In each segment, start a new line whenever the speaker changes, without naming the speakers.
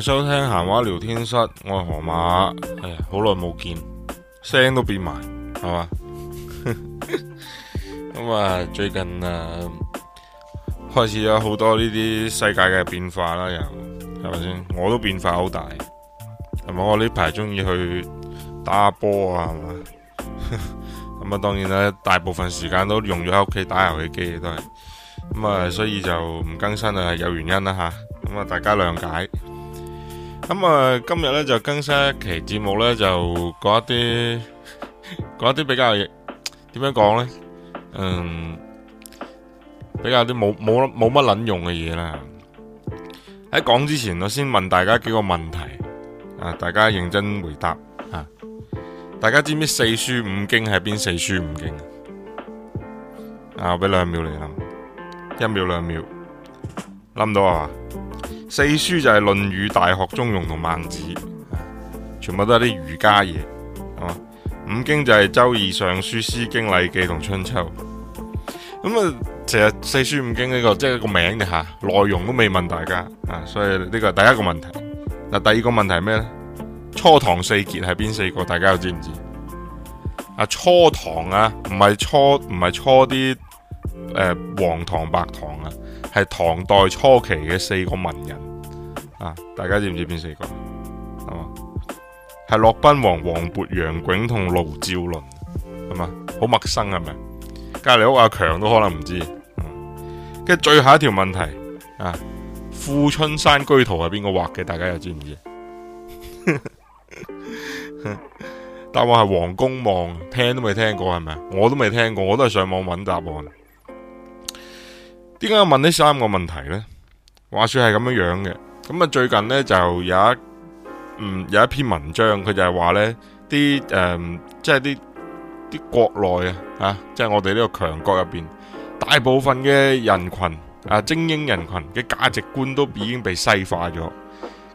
收聽閒話聊天室，我係河馬，係啊，好耐冇見，聲都變埋，係嘛？咁啊，最近啊，開始有好多呢啲世界嘅變化啦，又係咪先？我都變化好大，係咪？我呢排中意去打波啊，係嘛？咁啊，當然啦，大部分時間都用咗喺屋企打遊戲機都係，咁啊，所以就唔更新啊，有原因啦吓，咁啊，大家諒解。咁啊，今日咧就更新一期節目咧，就講一啲講一啲比較點樣講咧，嗯，比較啲冇冇冇乜撚用嘅嘢啦。喺講之前，我先問大家幾個問題啊，大家認真回答吓。大家知唔知四書五經係邊四書五經啊？俾兩秒你諗，一秒兩秒，諗到啊？四書就係《論語》《大學》《中庸》同《孟子》，全部都係啲儒家嘢。哦、啊，五經就係《周易》《尚書》《詩經》《禮記》同《春秋》。咁啊，其實四書五經呢、這個即係、就是、一個名啫吓，內、啊、容都未問大家啊，所以呢個係第一個問題。嗱、啊，第二個問題係咩咧？初唐四傑係邊四個？大家又知唔知？啊，初唐啊，唔係初唔係初啲誒、呃、黃唐白唐啊，係唐代初期嘅四個文人。啊！大家知唔知邊四個係嘛？係駱賓王、王勃、楊炯同盧照鄰，係嘛？好陌生係咪？隔籬屋阿強都可能唔知。跟住最後一條問題啊，《富春山居圖》係邊個畫嘅？大家又知唔知？答案係黃公望，聽都未聽過係咪？我都未聽過，我都係上網揾答案。點解要問呢三個問題呢？話說係咁樣樣嘅。咁啊！最近呢，就有一嗯，有一篇文章，佢就係話呢啲誒、呃，即係啲啲國內啊，啊，即係我哋呢個強國入邊，大部分嘅人群啊，精英人群嘅價值觀都已經被西化咗，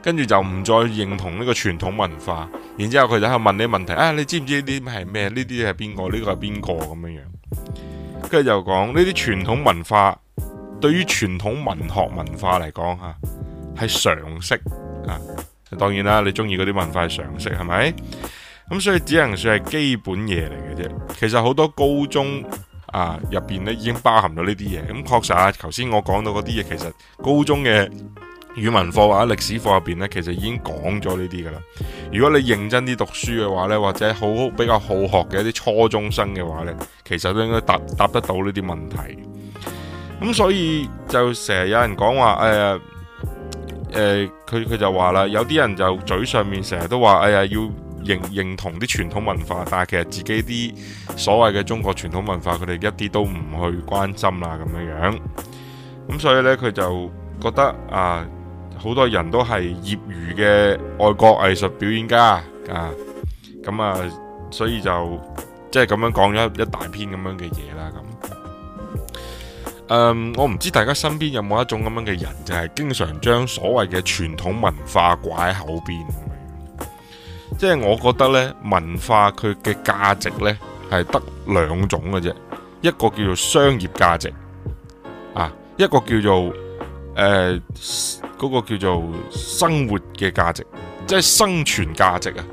跟住就唔再認同呢個傳統文化。然之後佢就喺度問你問題啊，你知唔知呢啲係咩？呢啲係邊個？呢個係邊個咁樣樣？跟住就講呢啲傳統文化對於傳統文學文化嚟講吓。啊係常識啊，當然啦，你中意嗰啲文化常識係咪？咁所以只能算係基本嘢嚟嘅啫。其實好多高中啊入邊咧已經包含咗呢啲嘢。咁、嗯、確實啊，頭先我講到嗰啲嘢，其實高中嘅語文課啊、歷史課入邊咧，其實已經講咗呢啲噶啦。如果你認真啲讀書嘅話咧，或者好比較好學嘅一啲初中生嘅話咧，其實都應該答答得到呢啲問題。咁所以就成日有人講話誒。呃誒，佢佢、呃、就話啦，有啲人就嘴上面成日都話，哎呀，要認認同啲傳統文化，但係其實自己啲所謂嘅中國傳統文化，佢哋一啲都唔去關心啦，咁樣樣。咁所以呢，佢就覺得啊，好多人都係業餘嘅愛國藝術表演家啊，咁啊，所以就即係咁樣講咗一大篇咁樣嘅嘢啦，咁。誒，um, 我唔知大家身邊有冇一種咁樣嘅人，就係、是、經常將所謂嘅傳統文化掛喺口邊。即係我覺得呢文化佢嘅價值呢係得兩種嘅啫，一個叫做商業價值啊，一個叫做誒、呃嗰個叫做生活嘅價值，即係生存價值啊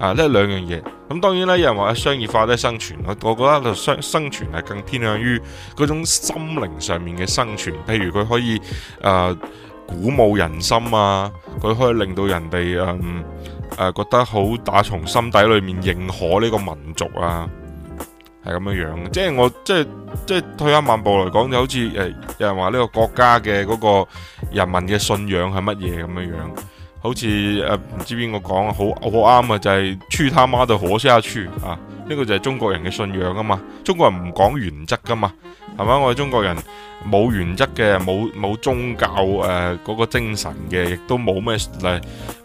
啊，呢兩樣嘢。咁當然啦，有人話商業化咧，生存，我我覺得喺生生存係更偏向於嗰種心靈上面嘅生存，譬如佢可以誒、呃、鼓舞人心啊，佢可以令到人哋誒誒覺得好打從心底裏面認可呢個民族啊，係咁樣樣。即係我即係即係退一萬步嚟講，就好似誒有人話呢個國家嘅嗰個人民嘅信仰係乜嘢咁樣樣。好似誒，唔知邊個講，好好啱啊！就係出他媽都可先阿出」。啊！呢、就是啊啊這個就係中國人嘅信仰啊嘛，中國人唔講原則噶嘛，係嘛？我哋中國人冇原則嘅，冇冇宗教誒嗰、呃那個精神嘅，亦都冇咩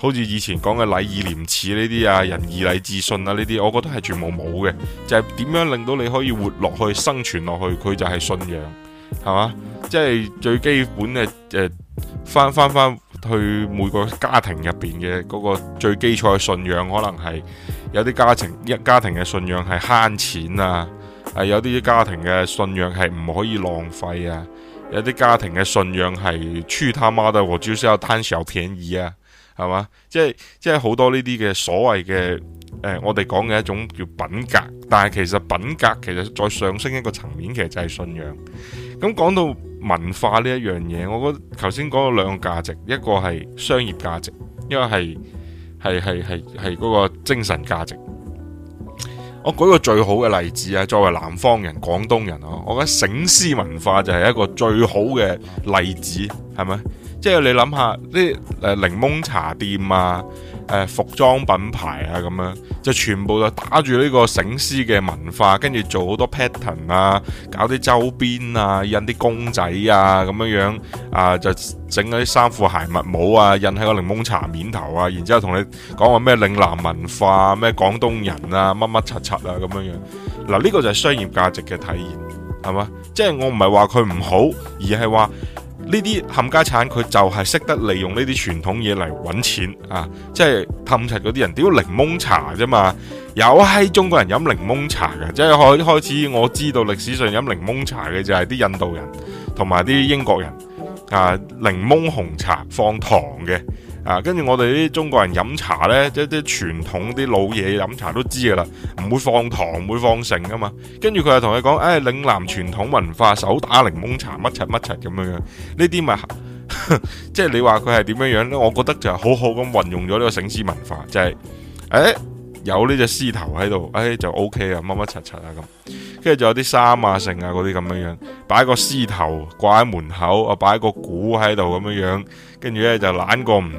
好似以前講嘅禮義廉恥呢啲啊，仁義禮智信啊呢啲，我覺得係全部冇嘅，就係、是、點樣令到你可以活落去，生存落去，佢就係信仰，係嘛？即、就、係、是、最基本嘅誒、呃，翻翻翻。翻去每個家庭入邊嘅嗰個最基礎嘅信仰，可能係有啲家，家庭一家庭嘅信仰係慳錢啊，係有啲家庭嘅信仰係唔可以浪費啊，有啲家庭嘅信仰係粗他媽的，我只需要貪小便宜啊，係嘛？即係即係好多呢啲嘅所謂嘅誒，我哋講嘅一種叫品格，但係其實品格其實再上升一個層面，其實就係信仰。咁講到。文化呢一樣嘢，我覺得頭先講咗兩個價值，一個係商業價值，一個係係係係係個精神價值。我舉個最好嘅例子啊，作為南方人、廣東人啊，我覺得醒獅文化就係一個最好嘅例子，係咪？即係你諗下啲誒檸檬茶店啊，誒、呃、服裝品牌啊咁樣，就全部就打住呢個醒獅嘅文化，跟住做好多 pattern 啊，搞啲周邊啊，印啲公仔啊咁樣樣啊、呃，就整嗰啲衫褲鞋襪帽啊，印喺個檸檬茶面頭啊，然之後同你講話咩嶺南文化啊，咩廣東人啊，乜乜柒柒啊咁樣樣。嗱、這、呢個就係商業價值嘅體現，係嘛？即係我唔係話佢唔好，而係話。呢啲冚家產佢就係識得利用呢啲傳統嘢嚟揾錢啊！即係氹柒嗰啲人，屌檸檬茶啫嘛，有係中國人飲檸檬茶嘅，即係開開始我知道歷史上飲檸檬茶嘅就係啲印度人同埋啲英國人啊，檸檬紅茶放糖嘅。啊，跟住我哋啲中國人飲茶呢，即係啲傳統啲老嘢飲茶都知噶啦，唔會放糖，唔會放剩噶嘛。就跟住佢又同你講，誒、哎，嶺南傳統文化手打檸檬茶，乜柒乜柒咁樣、就是、 樣。呢啲咪即係你話佢係點樣樣呢？我覺得就係好好咁運用咗呢個醒獅文化，哎哎、就係誒有呢隻獅頭喺度，誒就 O K 啊，乜乜柒柒啊咁。跟住就有啲衫啊、剩啊嗰啲咁樣樣，擺個獅頭掛喺門口，啊擺個鼓喺度咁樣樣。跟住咧就懶過唔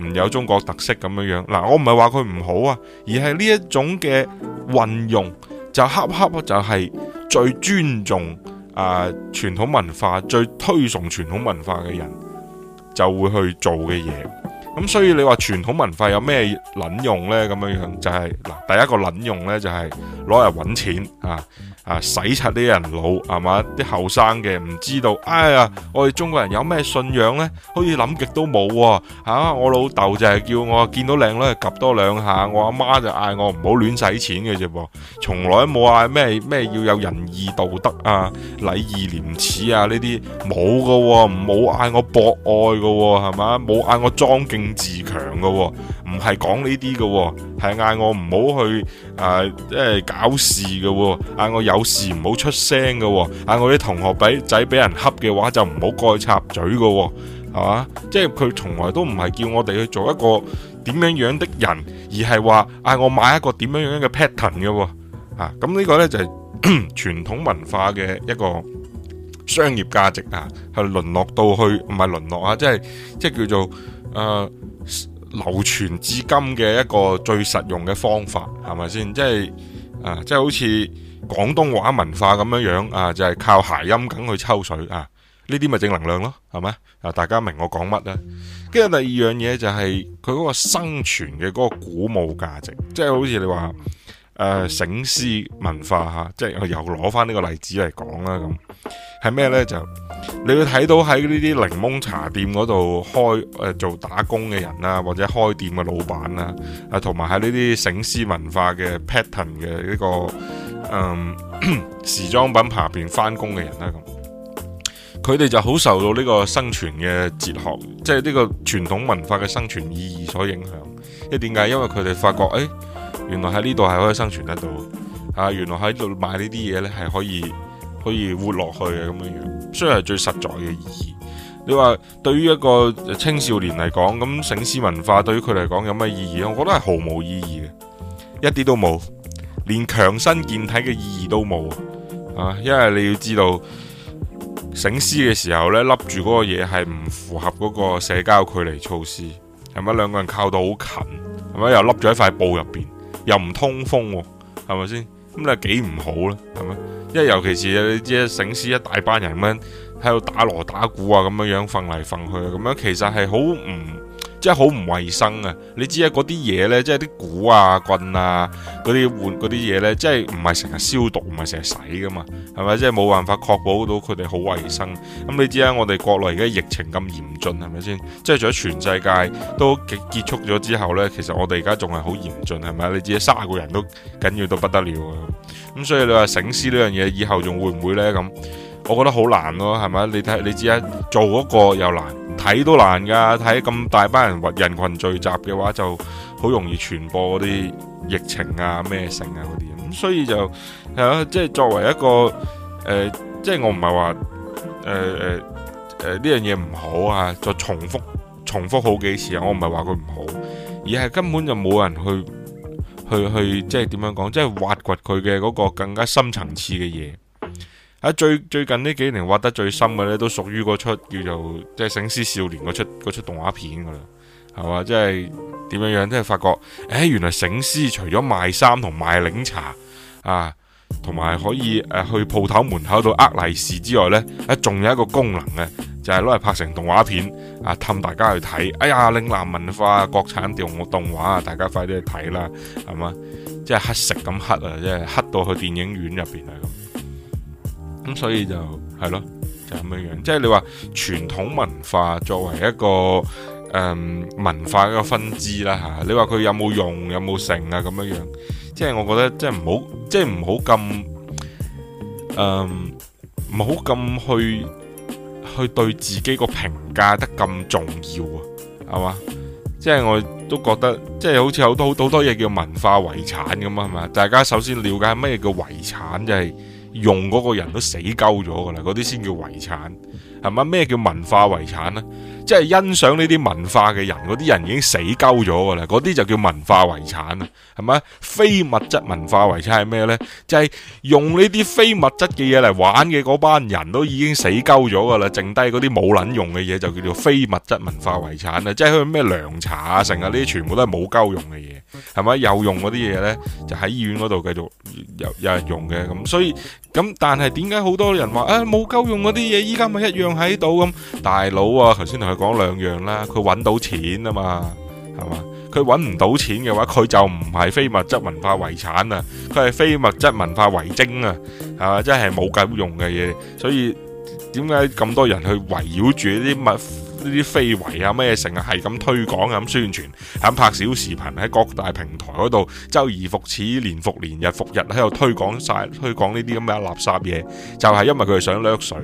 唔有中國特色咁樣樣嗱，我唔係話佢唔好啊，而係呢一種嘅運用就恰恰就係最尊重啊、呃、傳統文化、最推崇傳統文化嘅人就會去做嘅嘢。咁所以你話傳統文化有咩捻用呢？咁樣樣就係、是、嗱，第一個捻用呢，就係攞嚟揾錢啊。啊！洗刷啲人老係嘛？啲後生嘅唔知道，哎呀！我哋中國人有咩信仰呢？好似諗極都冇喎、啊啊！我老豆就係叫我見到靚女及多兩下，我阿媽就嗌我唔好亂使錢嘅啫噃，從來都冇嗌咩咩要有仁義道德啊、禮義廉恥啊呢啲冇噶喎，唔好嗌我博愛噶喎、啊，係嘛？冇嗌我莊敬自強噶喎。唔係講呢啲嘅，係嗌、哦、我唔好去誒，即、呃、係搞事嘅、哦。嗌我有事唔好出聲嘅、哦。嗌我啲同學俾仔俾人恰嘅話，就唔好過去插嘴嘅、哦。係、啊、嘛？即係佢從來都唔係叫我哋去做一個點樣樣的人，而係話嗌我買一個點樣樣嘅 pattern 嘅、哦。嚇咁呢個呢，就係、是、傳 統文化嘅一個商業價值啊，係淪落到去唔係淪落啊，即係即係叫做誒。呃流傳至今嘅一個最實用嘅方法係咪先？即係啊，即係好似廣東話文化咁樣樣啊，就係、是、靠諧音梗去抽水啊！呢啲咪正能量咯，係咪啊？大家明我講乜咧？跟住第二樣嘢就係佢嗰個生存嘅嗰個古墓價值，即係好似你話誒醒獅文化吓、啊，即係又又攞翻呢個例子嚟講啦，咁係咩呢？就？你要睇到喺呢啲檸檬茶店嗰度開誒、呃、做打工嘅人啦，或者開店嘅老闆啦，啊同埋喺呢啲醒獅文化嘅 pattern 嘅呢、呢個嗯時裝品牌入邊翻工嘅人啦咁，佢、啊、哋就好受到呢個生存嘅哲學，即係呢個傳統文化嘅生存意義所影響。因為點解？因為佢哋發覺，誒、哎、原來喺呢度係可以生存得到，啊原來喺度買呢啲嘢咧係可以。可以活落去嘅，咁樣樣，所以係最實在嘅意義。你話對於一個青少年嚟講，咁醒獅文化對於佢嚟講有乜意義？我覺得係毫無意義嘅，一啲都冇，連強身健體嘅意義都冇啊！因為你要知道，醒獅嘅時候呢，笠住嗰個嘢係唔符合嗰個社交距離措施，係咪兩個人靠到好近，係咪又笠咗喺塊布入邊，又唔通風啊，係咪先？咁你幾唔好咧，係咪？因為尤其是你知啊，醒獅一大班人咁樣喺度打鑼打鼓啊，咁樣樣，瞓嚟瞓去啊，咁樣其實係好唔。即係好唔衛生啊！你知啊，嗰啲嘢呢，即係啲鼓啊、棍啊、嗰啲換啲嘢呢，即係唔係成日消毒，唔係成日洗噶嘛，係咪？即係冇辦法確保到佢哋好衛生。咁你知啊，我哋國內而家疫情咁嚴峻，係咪先？即係除咗全世界都結束咗之後呢，其實我哋而家仲係好嚴峻，係咪？你知啊，卅個人都緊要到不得了啊！咁所以你話醒獅呢樣嘢，以後仲會唔會呢？咁？我覺得好難咯、哦，係咪？你睇你知啊，做嗰個又難，睇都難噶。睇咁大班人人群聚集嘅話，就好容易傳播嗰啲疫情啊、咩症啊嗰啲。咁所以就係咯、啊，即係作為一個誒、呃，即係我唔係話誒誒誒呢樣嘢唔好啊，就重複重複好幾次啊。我唔係話佢唔好，而係根本就冇人去去去，即係點樣講，即係挖掘佢嘅嗰個更加深層次嘅嘢。啊、最最近呢幾年挖得最深嘅呢都屬於嗰出叫做即係《醒獅少年》嗰出嗰出動畫片噶啦，係嘛？即係點樣樣？即係發覺，誒，原來醒獅除咗賣衫同賣檸茶啊，同埋可以誒、啊、去鋪頭門口度呃利是之外呢，仲、啊、有一個功能嘅，就係攞嚟拍成動畫片啊，氹大家去睇。哎呀，嶺南文化、國產動動畫啊，大家快啲去睇啦，係嘛？即係乞食咁乞啊，即係乞到去電影院入邊啊咁。咁所以就係咯，就咁、是、樣樣。即係你話傳統文化作為一個誒、呃、文化一個分支啦吓、啊，你話佢有冇用，有冇成啊咁樣樣。啊、即係我覺得，即係唔好，即係唔好咁，誒、呃，唔好咁去去對自己個評價得咁重要啊，係嘛？即係我都覺得，即係好似好多好多嘢叫文化遺產咁啊，係嘛？大家首先了解咩叫遺產，就係、是。用嗰個人都死鳩咗㗎啦，嗰啲先叫遺產，係咪？咩叫文化遺產呢？即係欣賞呢啲文化嘅人，嗰啲人已經死鳩咗㗎啦。嗰啲就叫文化遺產啊，係咪？非物質文化遺產係咩呢？就係用呢啲非物質嘅嘢嚟玩嘅嗰班人都已經死鳩咗㗎啦，剩低嗰啲冇撚用嘅嘢就叫做非物質文化遺產啊！即係佢咩涼茶啊，成啊呢啲全部都係冇鳩用嘅嘢，係咪？有用嗰啲嘢呢，就喺醫院嗰度繼續有有人用嘅咁。所以咁，但係點解好多人話啊冇鳩用嗰啲嘢，依家咪一樣喺度咁？大佬啊，頭先講兩樣啦，佢揾到錢啊嘛，係嘛？佢揾唔到錢嘅話，佢就唔係非物質文化遺產啊，佢係非物質文化遺精啊，係嘛？真係冇咁用嘅嘢，所以點解咁多人去圍繞住呢啲物呢啲非遺啊咩嘢，成日係咁推廣、咁宣傳、咁拍小視頻喺各大平台嗰度周而復始、年復年、日復日喺度推廣晒、推廣呢啲咁嘅垃圾嘢，就係因為佢哋想掠水，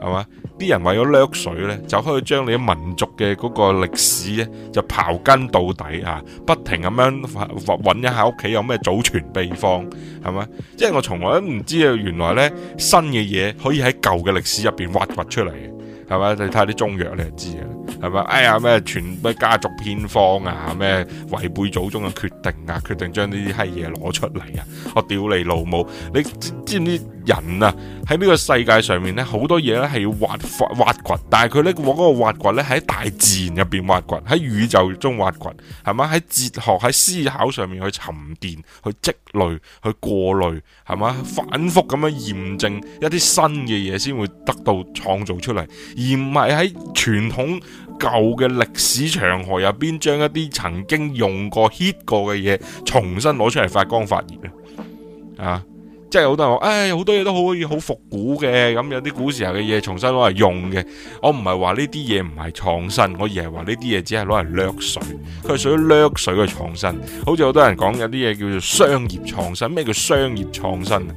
係嘛？啲人為咗掠水呢就可以將你民族嘅嗰個歷史呢就刨根到底啊！不停咁樣揾一下屋企有咩祖傳秘方，係咪？即係我從來都唔知道原來呢新嘅嘢可以喺舊嘅歷史入邊挖掘出嚟嘅，係咪？你睇下啲中藥你就知啊！係咪？哎呀咩？傳咩家族偏方啊？咩違背祖宗嘅決定啊？決定將呢啲閪嘢攞出嚟啊！我屌你老母！你知唔知，知人啊？喺呢個世界上面咧，好多嘢咧係要挖掘，挖掘。但係佢呢個嗰個挖掘咧，喺大自然入邊挖掘，喺宇宙中挖掘，係嘛？喺哲學、喺思考上面去沉澱、去積累、去過濾，係嘛？反復咁樣驗證一啲新嘅嘢，先會得到創造出嚟，而唔係喺傳統。舊嘅歷史長河入邊，將一啲曾經用過 hit 過嘅嘢，重新攞出嚟發光發熱啊！即係好多人話，唉、哎，好多嘢都可以好復古嘅，咁有啲古時候嘅嘢，重新攞嚟用嘅。我唔係話呢啲嘢唔係創新，我而係話呢啲嘢只係攞嚟掠水，佢係屬於掠水嘅創新。好似好多人講有啲嘢叫做商業創新，咩叫商業創新啊？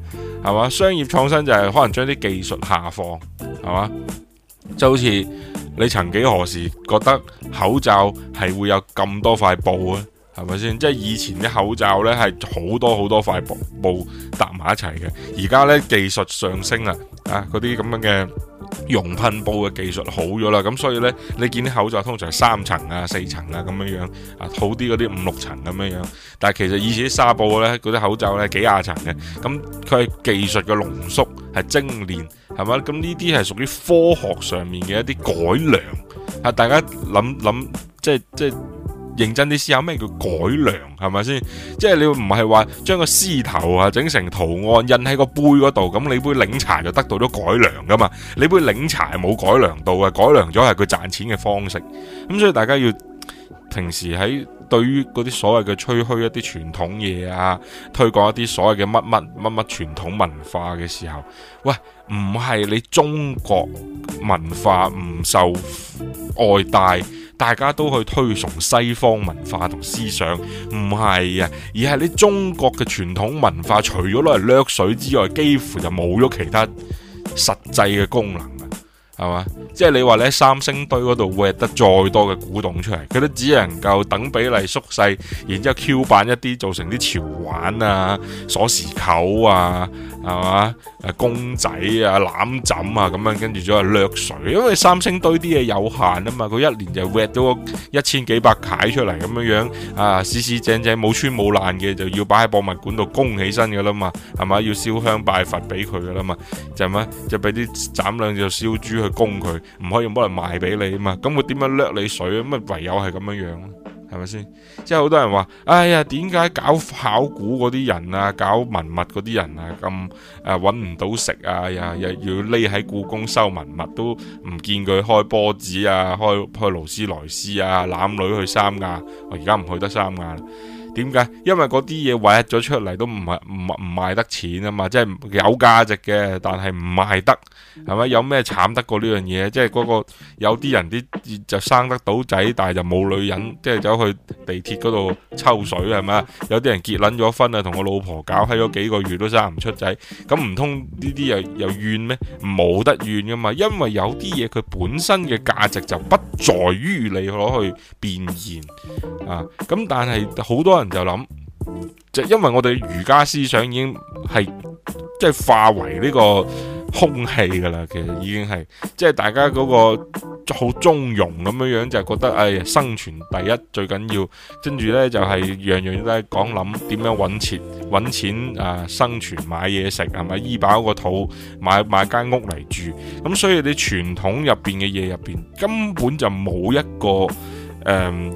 係嘛？商業創新就係可能將啲技術下放，係嘛？就好似。你曾幾何時覺得口罩係會有咁多塊布啊？係咪先？即係以前啲口罩咧係好多好多塊布，布搭埋一齊嘅，而家咧技術上升啦，啊嗰啲咁樣嘅。熔噴布嘅技術好咗啦，咁所以呢，你見啲口罩通常三層啊、四層啊咁樣樣啊，樣好啲嗰啲五六層咁樣樣，但係其實以前啲紗布呢，嗰啲口罩呢幾廿層嘅，咁佢係技術嘅濃縮，係精煉，係咪？咁呢啲係屬於科學上面嘅一啲改良，係大家諗諗，即係即係。認真啲思考咩叫改良，係咪先？即係你唔係話將個獅頭啊整成圖案印喺個杯嗰度，咁你杯檸茶就得到咗改良㗎嘛？你杯檸茶冇改良到嘅，改良咗係佢賺錢嘅方式。咁所以大家要平時喺對於嗰啲所謂嘅吹噓一啲傳統嘢啊，推廣一啲所謂嘅乜乜乜乜傳統文化嘅時候，喂，唔係你中國文化唔受外帶。大家都去推崇西方文化同思想，唔係啊，而係你中國嘅傳統文化，除咗攞嚟掠水之外，幾乎就冇咗其他實際嘅功能啊，係嘛？即係你話你喺三星堆嗰度挖得再多嘅古董出嚟，佢都只能夠等比例縮細，然之後 Q 版一啲，做成啲潮玩啊、鎖匙扣啊。係嘛？誒、啊，公仔啊，攬枕啊，咁樣跟住咗啊掠水，因為三星堆啲嘢有限啊嘛，佢一年就搣咗一千幾百契出嚟咁樣樣啊，四四正正冇穿冇爛嘅，就要擺喺博物館度供起身噶啦嘛，係嘛？要燒香拜佛俾佢噶啦嘛，就咩、是、就俾啲斬兩隻燒豬去供佢，唔可以用波嚟賣俾你啊嘛，咁佢點樣掠你水咁？唯有係咁樣樣係咪先？即係好多人話，哎呀，點解搞考古嗰啲人啊，搞文物嗰啲人啊，咁誒搵唔到食啊，又、啊、又要匿喺故宮收文物，都唔見佢開波子啊，開開勞斯萊斯啊，攬女去三亞，我而家唔去得三亞啦。點解？因為嗰啲嘢賣咗出嚟，都唔係唔唔賣得錢啊嘛，即係有價值嘅，但係唔賣得，係咪？有咩慘得過呢樣嘢？即係嗰個有啲人啲就生得到仔，但係就冇女人，即係走去地鐵嗰度抽水係咪？有啲人結捻咗婚啊，同個老婆搞喺咗幾個月都生唔出仔，咁唔通呢啲又又怨咩？冇得怨噶嘛，因為有啲嘢佢本身嘅價值就不在於你攞去變現啊，咁但係好多人。可能就諗，就因為我哋儒家思想已經係即係化為呢個空氣噶啦，其實已經係即係大家嗰個好中庸咁樣樣，就係、覺得誒、哎、生存第一最緊要，跟住呢，就係、是、樣樣都係講諗點樣搵錢，搵錢啊生存買嘢食係咪，醫飽個肚，買買間屋嚟住，咁、嗯、所以你傳統入邊嘅嘢入邊根本就冇一個誒。嗯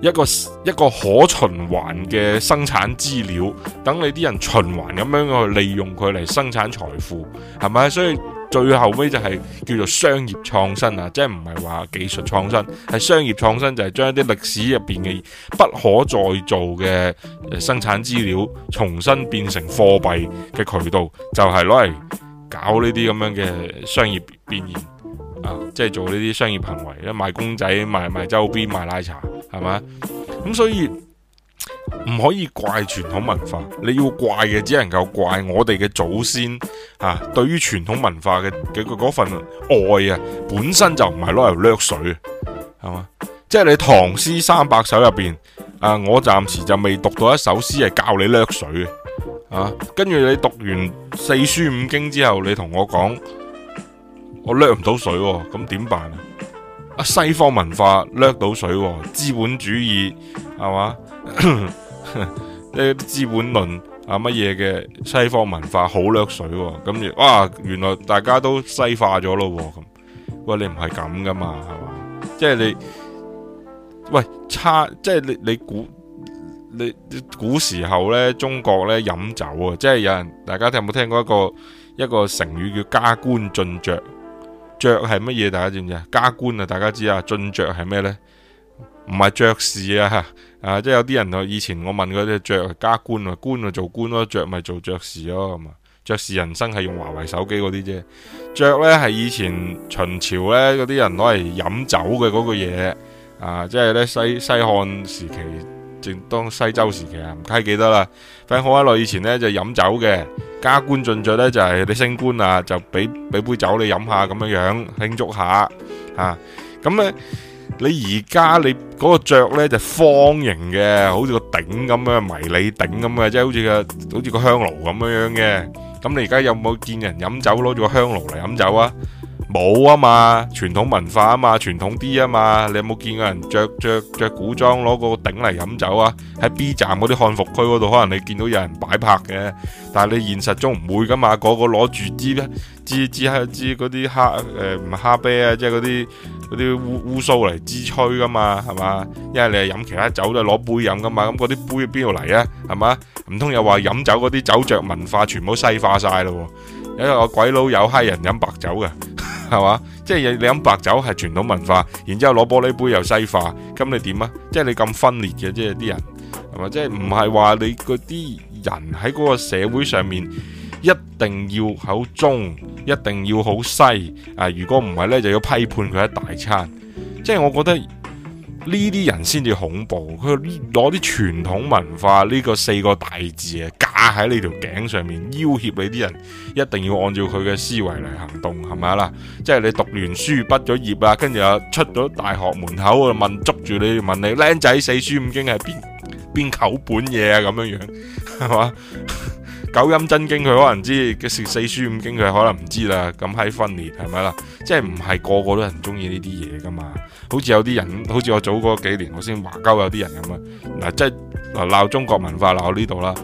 一個一個可循環嘅生產資料，等你啲人循環咁樣去利用佢嚟生產財富，係咪？所以最後尾就係叫做商業創新啊，即係唔係話技術創新，係商業創新就係將一啲歷史入邊嘅不可再做嘅生產資料，重新變成貨幣嘅渠道，就係攞嚟搞呢啲咁樣嘅商業變現。嗯，即係做呢啲商業行為，咧賣公仔、賣賣周邊、賣奶茶，係咪？咁所以唔可以怪傳統文化，你要怪嘅只能夠怪我哋嘅祖先啊！對於傳統文化嘅嘅嗰份愛啊，本身就唔係攞嚟掠水，係嘛？即係你唐詩三百首入邊啊，我暫時就未讀到一首詩係教你掠水啊。跟住你讀完四書五經之後，你同我講。我掠唔到水、哦，咁點辦啊？西方文化掠到水、哦，資本主義係嘛？啲資 本論啊乜嘢嘅西方文化好掠水、哦，咁哇原來大家都西化咗咯、哦，咁喂你唔係咁噶嘛，係嘛？即係你喂差，即係你你，你古你古時候呢中國呢飲酒啊，即係有人大家有冇聽過一個一個成語叫加官進爵。爵係乜嘢？大家知唔知？加官啊！大家知進啊？晉爵係咩呢？唔係爵士啊吓啊！即係有啲人啊，以前我問佢啲爵加官，官啊，官啊做官咯，爵咪做爵士咯咁啊。爵士人生係用華為手機嗰啲啫。爵呢係以前秦朝呢嗰啲人攞嚟飲酒嘅嗰個嘢啊！即係呢西西漢時期，正當西周時期啊，唔太記得啦。反正好耐以前呢，就飲酒嘅。加官進爵咧，就係、是、你升官啊，就俾俾杯酒你飲下咁樣樣，慶祝下嚇。咁、啊、咧，你而家你嗰個爵咧就是、方形嘅，好似個頂咁樣迷你頂咁嘅，即係好似個好似個香爐咁樣樣嘅。咁你而家有冇見人飲酒攞住個香爐嚟飲酒啊？冇啊嘛，傳統文化啊嘛，傳統啲啊嘛。你有冇見過人着著著古裝攞個頂嚟飲酒啊？喺 B 站嗰啲漢服區嗰度，可能你見到有人擺拍嘅，但係你現實中唔會噶嘛。個個攞住支支支係支嗰啲蝦，誒唔係蝦啤啊，即係嗰啲啲烏烏蘇嚟支吹噶嘛，係嘛？因為你係飲其他酒都係攞杯飲噶嘛，咁嗰啲杯邊度嚟啊？係嘛？唔通又話飲酒嗰啲酒着文化全部西化曬咯，啊？因為我鬼佬有嗨人飲白酒嘅。係嘛，即係你飲白酒係傳統文化，然之後攞玻璃杯又西化，咁你點啊？即係你咁分裂嘅，即係啲人，係嘛？即係唔係話你嗰啲人喺嗰個社會上面一定要好中，一定要好西啊！如果唔係呢，就要批判佢一大餐。即係我覺得呢啲人先至恐怖，佢攞啲傳統文化呢個四個大字。架喺你條頸上面要挾你啲人，一定要按照佢嘅思維嚟行動，係咪啦？即係你讀完書畢咗業啊，跟住出咗大學門口啊，問捉住你，問你靚仔四書五經係邊邊口本嘢啊？咁樣樣係嘛？九陰真經佢可能知，嘅四四書五經佢可能唔知啦。咁喺分裂係咪啦？即係唔係個個都係中意呢啲嘢噶嘛？好似有啲人，好似我早嗰幾年我先華溝有啲人咁啊嗱，即係鬧中國文化鬧呢度啦。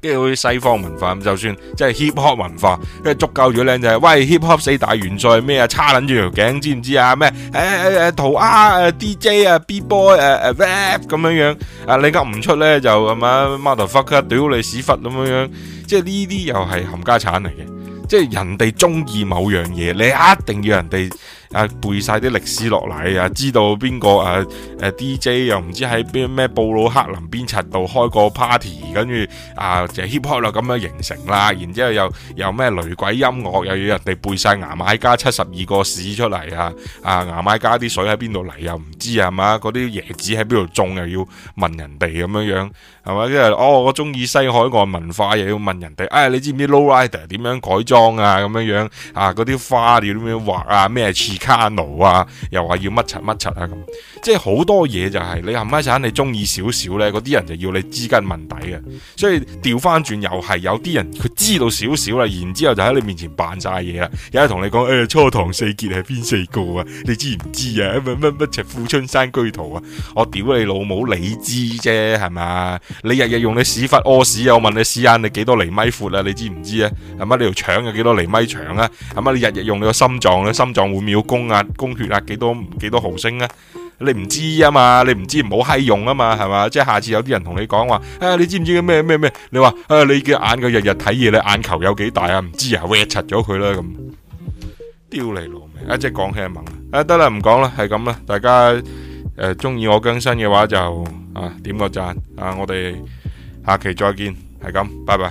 即係嗰啲西方文化，咁就算即係 hip hop 文化，跟住足夠咗靚仔。喂 hip hop 四大元素係咩啊？叉捻住條頸，知唔知啊？咩誒誒誒，塗鴉誒，DJ 啊，B boy 誒誒 rap 咁樣樣，啊你急唔出咧就係 mother fuck 屌你屎忽咁樣樣。即係呢啲又係冚家產嚟嘅，即係人哋中意某樣嘢，你一定要人哋。啊背晒啲歷史落嚟啊，知道邊個啊 DJ 又唔知喺邊咩布魯克林邊層度開個 party，跟住啊就 hip hop 咁樣形成啦，然之後又又咩雷鬼音樂又要人哋背晒牙買加七十二個市出嚟啊，啊牙買加啲水喺邊度嚟又唔知啊，係嘛？嗰啲椰子喺邊度種又要問人哋咁樣樣係嘛？因為哦我中意西海岸文化又要問人哋，唉、哎、你知唔知 low rider 點樣改裝啊咁樣樣啊嗰啲花要點樣畫啊咩？卡奴啊，又話要乜柒乜柒啊咁，即係好多嘢就係、是、你含埋盞你中意少少呢嗰啲人就要你知根問底嘅，所以調翻轉又係有啲人佢知道少少啦，然之後就喺你面前扮晒嘢啦，有人同你講、欸、初唐四傑係邊四個啊？你知唔知啊？乜乜乜柒富春山居圖啊？我屌你老母，你知啫係咪？你日日用你屎忽屙屎，啊，我問你屎眼你幾多厘米闊啊，你知唔知啊？係咪？你條腸又幾多厘米長啊？係咪？你日日用你個心臟咧，心臟每秒。供壓，供血壓，幾多幾多毫升啊？你唔知啊嘛，你唔知唔好閪用啊嘛，係嘛？即係下次有啲人同你講話，啊，你知唔知咩咩咩？你話啊，你嘅眼佢日日睇嘢，你眼球有幾大啊？唔知啊，搣柒咗佢啦咁，丟你老味一即係講起啊，蒙啊，得啦，唔講啦，係咁啦，大家誒中意我更新嘅話就啊點個讚啊，我哋下期再見，係咁，拜拜。